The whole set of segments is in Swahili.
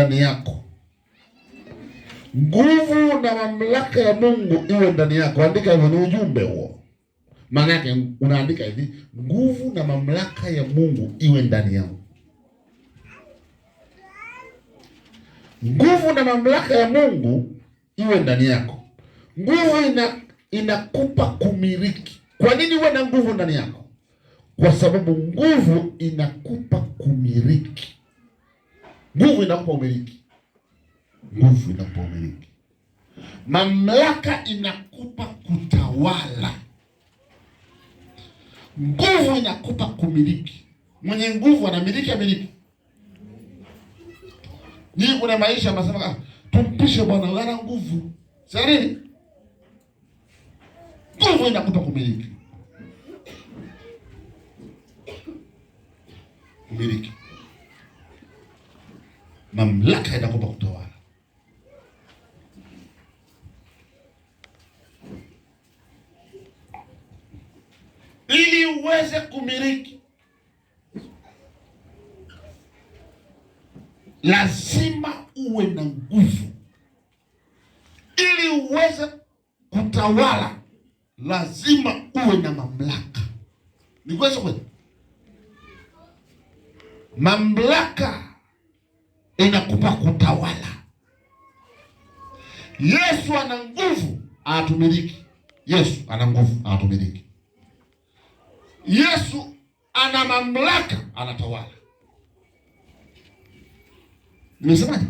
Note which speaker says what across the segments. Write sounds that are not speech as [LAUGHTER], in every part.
Speaker 1: ndani yako, nguvu na mamlaka ya Mungu iwe ndani yako. Andika hivyo, ni ujumbe huo. Maana yake unaandika hivi, nguvu na mamlaka ya Mungu iwe ndani yako, Nguvu na mamlaka ya Mungu iwe ndani yako. Nguvu ina inakupa kumiliki. Kwa nini uwe na nguvu ndani yako? Kwa sababu nguvu inakupa kumiliki. Nguvu inampa umiliki, nguvu inampa umiliki. Mamlaka inakupa kutawala, nguvu inakupa kumiliki. Mwenye nguvu anamiliki, amiliki nii. Kuna maisha masema ah, tumpishe Bwana, ana nguvu sarini. Nguvu inakupa kumiliki, kumiliki mamlaka inakwenda kutawala. Ili uweze kumiliki, lazima uwe na nguvu. Ili uweze kutawala, lazima uwe na mamlaka. Ni kweli kweli, mamlaka pa kutawala. Yesu ana nguvu atumiliki. Yesu ana nguvu atumiliki. Yesu ana mamlaka anatawala. Nimesemaje?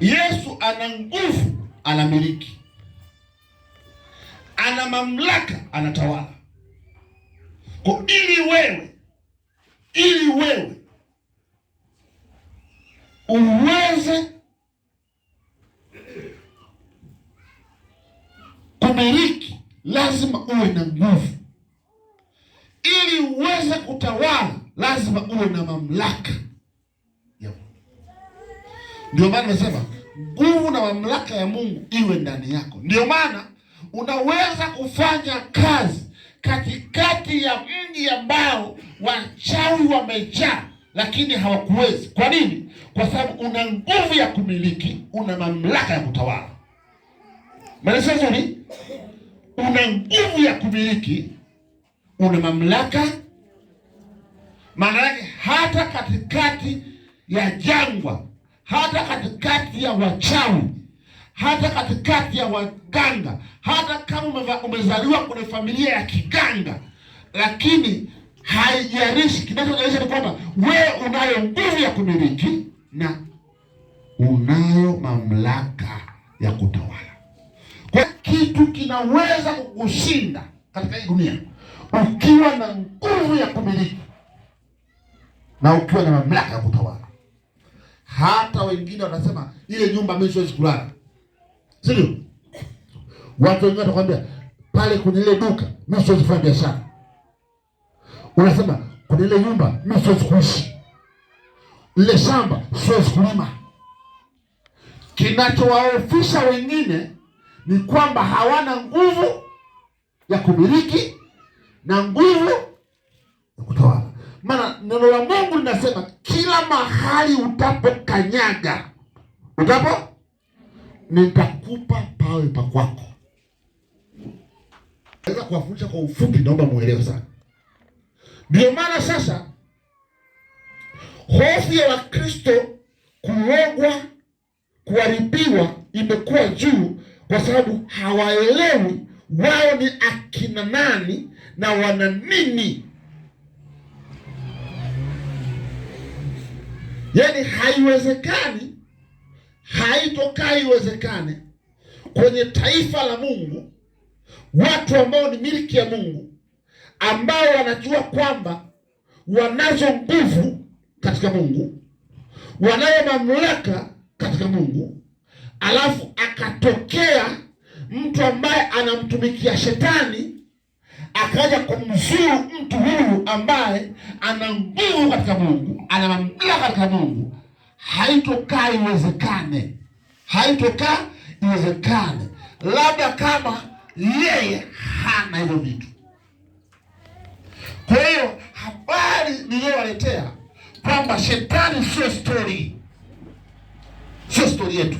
Speaker 1: Yesu ana nguvu anamiliki, ana mamlaka anatawala. Kwa ili wewe ili wewe uweze kumiliki, lazima uwe na nguvu. Ili uweze kutawala, lazima uwe na mamlaka. Ndio maana nasema nguvu na mamlaka ya Mungu iwe ndani yako. Ndio maana unaweza kufanya kazi katikati ya mji ambao wachawi wamejaa, lakini hawakuwezi. Kwa nini? Kwa sababu una nguvu ya kumiliki, una mamlaka ya kutawala. Maelezo nzuri, una nguvu ya kumiliki, una mamlaka. Maana yake hata katikati ya jangwa, hata katikati ya wachawi hata katikati ya waganga, hata kama umezaliwa kwenye familia ya kiganga, lakini haijarishi. Kinachojalisha ni kwamba wewe unayo nguvu ya kumiliki na unayo mamlaka ya kutawala. Kwa kitu kinaweza kukushinda katika hii dunia ukiwa na nguvu ya kumiliki na ukiwa na mamlaka ya kutawala. Hata wengine wanasema ile nyumba mimi siwezi kulala Sio? Watu wengine watakwambia pale kwenye ile duka mimi siwezi kufanya biashara. Unasema kwenye ile nyumba mimi siwezi kuishi. Ile shamba siwezi kulima. Kinachowaofisha wengine ni kwamba hawana nguvu ya kumiliki na nguvu ya kutawala. Maana neno la Mungu linasema kila mahali utapokanyaga, utapo nita nitakupa pawe pa kwako. Naweza kuwafundisha kwa ufupi, naomba muelewe sana. Ndio maana sasa hofu ya Wakristo kuogwa, kuharibiwa imekuwa juu, kwa sababu hawaelewi wao ni akina nani na wana nini. Yaani haiwezekani, haitokaa iwezekane kwenye taifa la Mungu, watu ambao ni miliki ya Mungu, ambao wanajua kwamba wanazo nguvu katika Mungu, wanayo mamlaka katika Mungu, alafu akatokea mtu ambaye anamtumikia shetani akaja kumzuru mtu huyu ambaye ana nguvu katika Mungu, ana mamlaka katika Mungu, haitokaa iwezekane, haitokaa iwezekane labda kama yeye hana hivyo vitu. Kwa hiyo habari niliyowaletea kwamba shetani sio stori, sio stori yetu.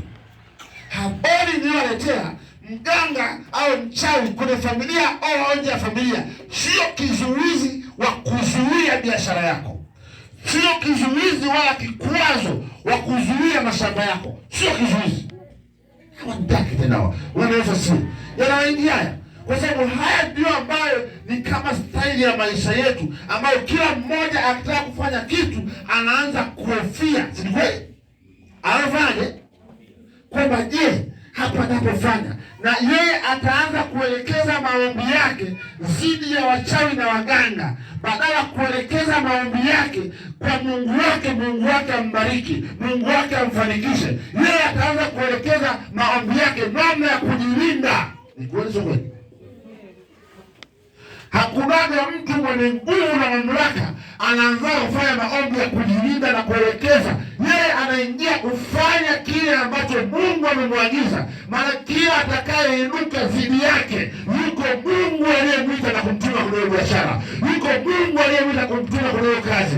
Speaker 1: Habari niliyowaletea mganga au mchawi kwenye familia au nje ya familia sio kizuizi wa kuzuia biashara yako, sio kizuizi wala kikwazo wa kuzuia mashamba yako, sio kizuizi hawataki tena, wanaweza si haya kwa sababu haya ndio ambayo ni kama staili ya maisha yetu, ambayo kila mmoja akitaka kufanya kitu anaanza kuhofia, si kweli? Anafanyaje kwamba je hapa anapofanya, na yeye ataanza kuelekeza maombi yake dhidi ya wachawi na waganga, badala kuelekeza maombi yake kwa Mungu wake. Mungu wake ambariki, Mungu wake amfanikishe. Yeye ataanza kuelekeza maombi yake namna ya kujilinda. Ni kweli, sio kweli? Hakunaga mtu mwenye nguvu na mamlaka anaanza kufanya maombi ya kujilinda na kuelekeza. Yeye anaingia kufanya kile ambacho Mungu amemwagiza, maana kila atakayeinuka dhidi yake, yuko Mungu aliyemwita na kumtuma kwenye biashara, yuko Mungu aliyemwita kumtuma kwenye kazi.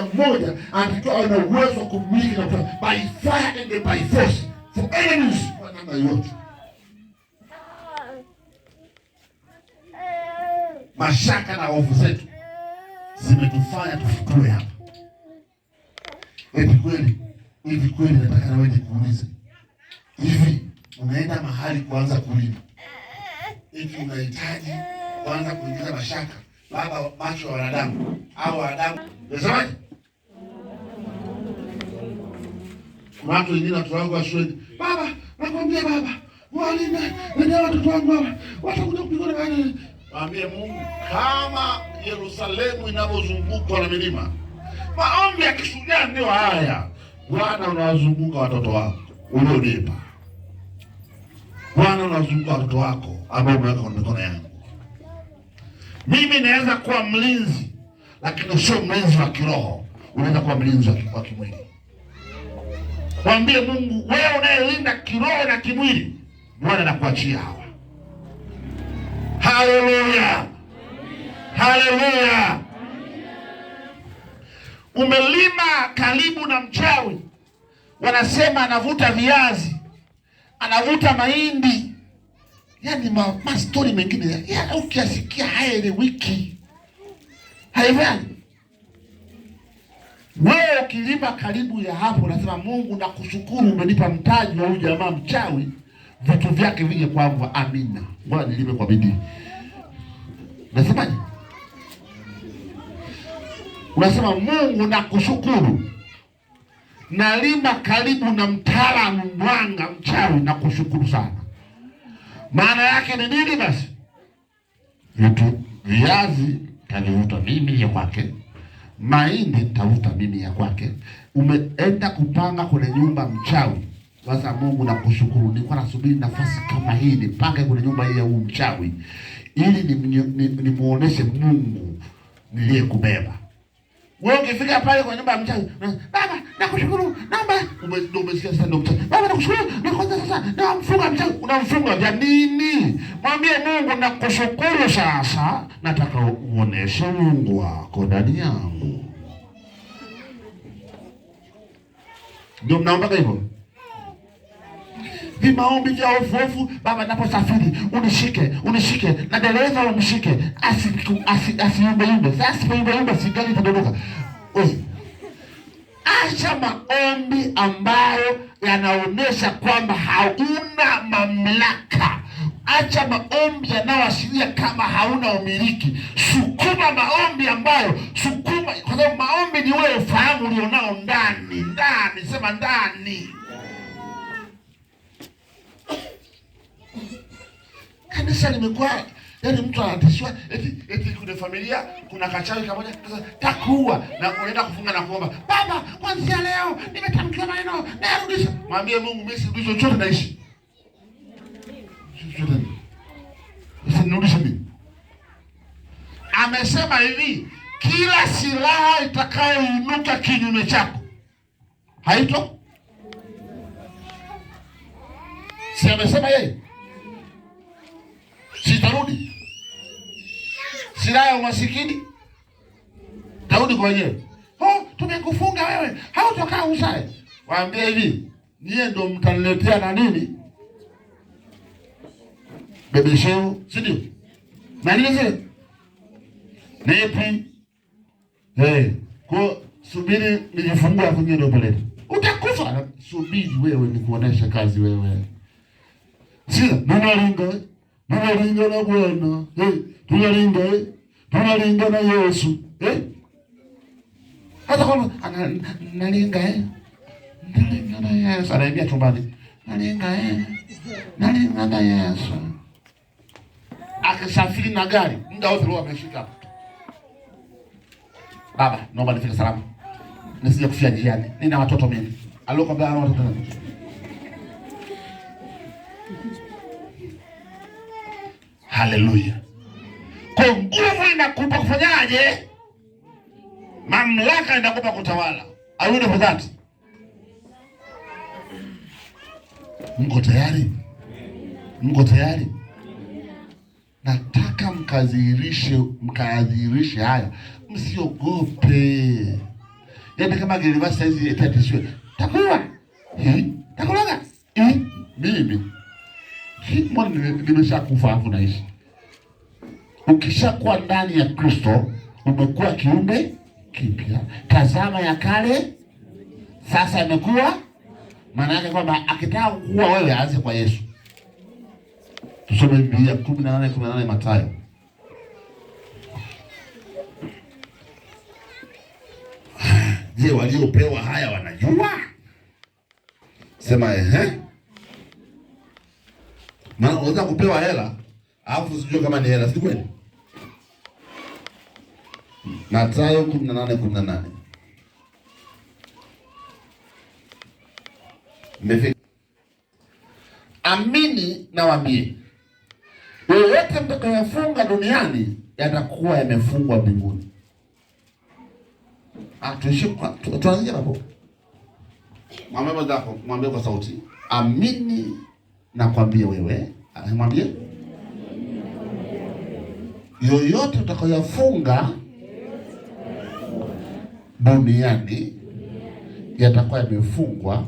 Speaker 1: mmoja mmoja angekuwa ana uwezo wa kumiliki na by fire and by force for enemies kwa namna yote. Mashaka na hofu zetu zimetufanya tufikue hapa. Eti kweli hivi kweli, nataka na wewe kuuliza hivi, unaenda mahali kuanza kulima hivi, unahitaji kuanza kuingiza mashaka baba macho ya wanadamu au wanadamu, nasemaje? watu wengine, watoto wangu wa baba, nakwambia baba, mwalimu na watoto wangu hawa watakuja kupigana na Waambie Mungu kama Yerusalemu inavyozungukwa na milima. Maombi ya kishujaa ndio haya. Bwana, unawazunguka watoto wako ulionipa. Bwana, unawazunguka watoto wako ambao umeweka kwenye mikono yangu. Mimi naweza kuwa mlinzi, lakini sio mlinzi wa kiroho. Unaweza kuwa mlinzi wa kimwili. Mwambie Mungu, wewe unayelinda kiroho na kimwili, Bwana nakuachia hawa. Haleluya, haleluya. Umelima karibu na mchawi, wanasema anavuta viazi, anavuta mahindi Yaani ma, ma mengine ya, ukiasikia haya ile wiki haivani wewe ukilima karibu ya hapo, unasema Mungu, nakushukuru umenipa mtaji wa huyu jamaa mchawi, vitu vyake vije kwangu. Amina, ngoja nilime kwa bidii. Unasemaje? Unasema Mungu, nakushukuru nalima karibu na mtaalamu mwanga mchawi, nakushukuru sana. Maana yake ni nini? Basi vitu viazi kavivuta mimi ya kwake mahindi tafuta mimi ya kwake. Umeenda kupanga kwenye nyumba mchawi. Sasa Mungu nakushukuru, nilikuwa nasubiri nafasi kama hii nipange kwenye nyumba hii ya huu mchawi, ili nimuoneshe Mungu niliyekubeba. Wewe ukifika pale kwa nyumba ya mchawi, baba nakushukuru, naomba ndio umesikia sasa ndio mchawi. Baba nakushukuru, na kwanza sasa na mfunga mchawi, unamfunga vya nini? Mwambie Mungu nakushukuru sasa, nataka uoneshe Mungu wako ndani yangu. Ndio mnaomba hivyo vimaombi vya hofuhofu Baba, naposafiri unishike, unishike na dereva umshike, asiyumbeyumbe, asipeyumbeyumbe, sigari itadondoka. Acha maombi ambayo yanaonyesha kwamba hauna mamlaka. Acha maombi yanayoashiria kama hauna umiliki. Sukuma maombi ambayo, sukuma, kwa sababu maombi ni ule ufahamu ulionao ndani ndani, sema ndani kanisa limekuwa yaani, mtu anatishwa eti eti, kuna familia, kuna kachawi kamoja, sasa takuua na kuenda kufunga na kuomba, baba, kuanzia leo nimetamkia maneno nayarudisha. Mwambie Mungu, mimi sirudi chochote, naishi chochote, usinirudishe mimi. Amesema hivi, kila silaha itakayoinuka kinyume chako haito, si amesema yeye sitarudi, silaha ya umasikini tarudi kwenyewe. Oh, tumekufunga wewe, hautokaa usae. Waambie hivi, niye ndo mtaniletea na nini bebe si ndio? na nini zile nipi hey. Eh, kwa subiri nijifungua kwenye ndo utakufa. Subiri wewe, nikuonesha kazi wewe, si ndio? Ndio na Bwana eh, tunalinga eh, na Yesu eh, hata kama analinga eh, na Yesu, anaambia tumbani, nalinga eh, na Yesu. Akisafiri na gari muda wote roho ameshika. Baba, naomba nifike salama, nisije kufia njiani, nina watoto mimi. Alikwambia ana watoto Haleluya. Kwa nguvu inakupa kufanyaje? Mamlaka inakupa kutawala. Are you for that? Mko tayari? Mko tayari? Nataka mkadhihirishe, mkadhihirishe haya, msiogope. Yaani kama gerivasi saizi itatishiwe, takuwa takuloga mimi kimwa nimesha kufa afu naishi Ukishakuwa ndani ya Kristo umekuwa kiumbe kipya, tazama ya kale sasa imekuwa. Maana yake kwamba akitaka kuwa wewe aanze kwa Yesu. Tusome Biblia kumi na nane kumi na nane Mathayo Je, waliopewa haya wanajua? Sema ehe. Maana unaweza kupewa hela alafu sijui kama ni hela, si kweli? Mathayo 18:18. Amini na yoyote mtakayofunga duniani yatakuwa yamefungwa mbinguni. Ah, tuanzie hapo. Mwambie mwenzako, mwambie kwa sauti, amini na kwambie wewe, mwambie yoyote utakayofunga duniani yatakuwa yamefungwa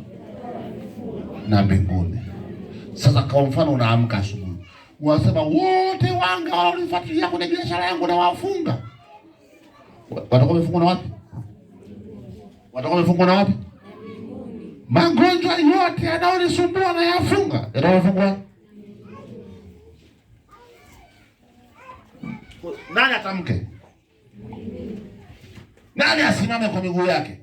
Speaker 1: na mbinguni. Sasa kwa mfano, unaamka asubuhi, unasema wote wanga wanaonifuatilia kwenye biashara yangu nawafunga. Watakuwa wamefungwa na wapi? Watakuwa wamefungwa na wapi? Magonjwa yote yanayonisumbua na yafunga, yatakuwa Nani atamke nani asimame kwa miguu yake?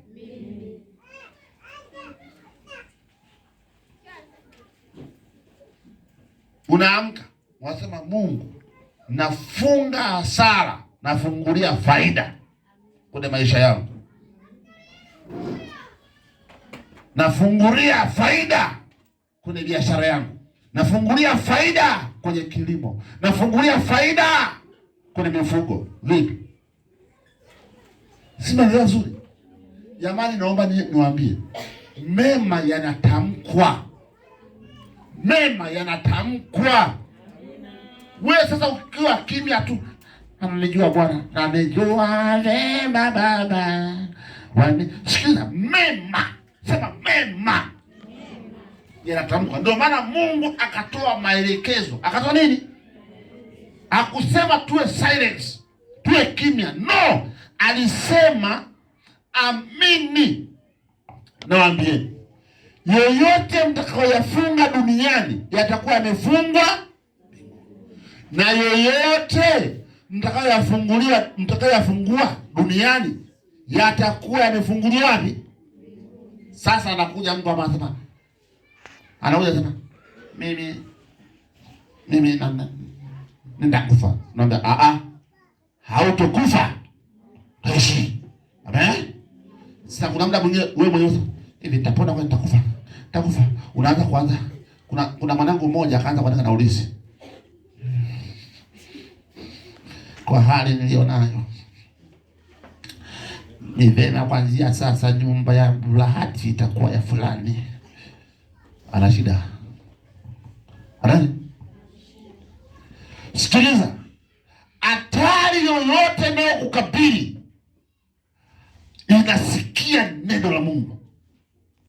Speaker 1: Unaamka wasema, Mungu nafunga hasara, nafungulia faida kwenye maisha yangu, nafungulia faida kwenye biashara yangu, nafungulia faida kwenye kilimo, nafungulia faida kwenye mifugo. Vipi? Si maneno nzuri jamani? Naomba niwaambie, mema yanatamkwa, mema yanatamkwa. Wewe sasa ukiwa kimya tu, ananijua Bwana, ananijua mema Baba. Sikiliza, mema sema, mema yanatamkwa. Ndio maana Mungu akatoa maelekezo, akatoa nini? Akusema tuwe silence, tuwe kimya, no alisema amini, nawaambieni, yoyote mtakayoyafunga duniani yatakuwa yamefungwa na yoyote mtakayoyafungulia mtakayofungua duniani yatakuwa yamefunguliwa wapi? Sasa anakuja mtu ambaye anasema anakuja sema mimi mimi nenda kufa, naambia a ah, a, ah, hautokufa [COUGHS] Haishi. Amen. Sasa kuna muda mwingine wewe mwenyewe hivi nitapona kwani nitakufa. Nitakufa. Unaanza kuanza. Kuna kuna mwanangu mmoja akaanza kuandika na ulisi. Kwa hali nilionayo. Ni vema kuanzia sasa nyumba ya Lahati itakuwa ya fulani. Ana shida. Anani? Sikiliza. Hatari yoyote ndio kukabili Ninasikia neno la Mungu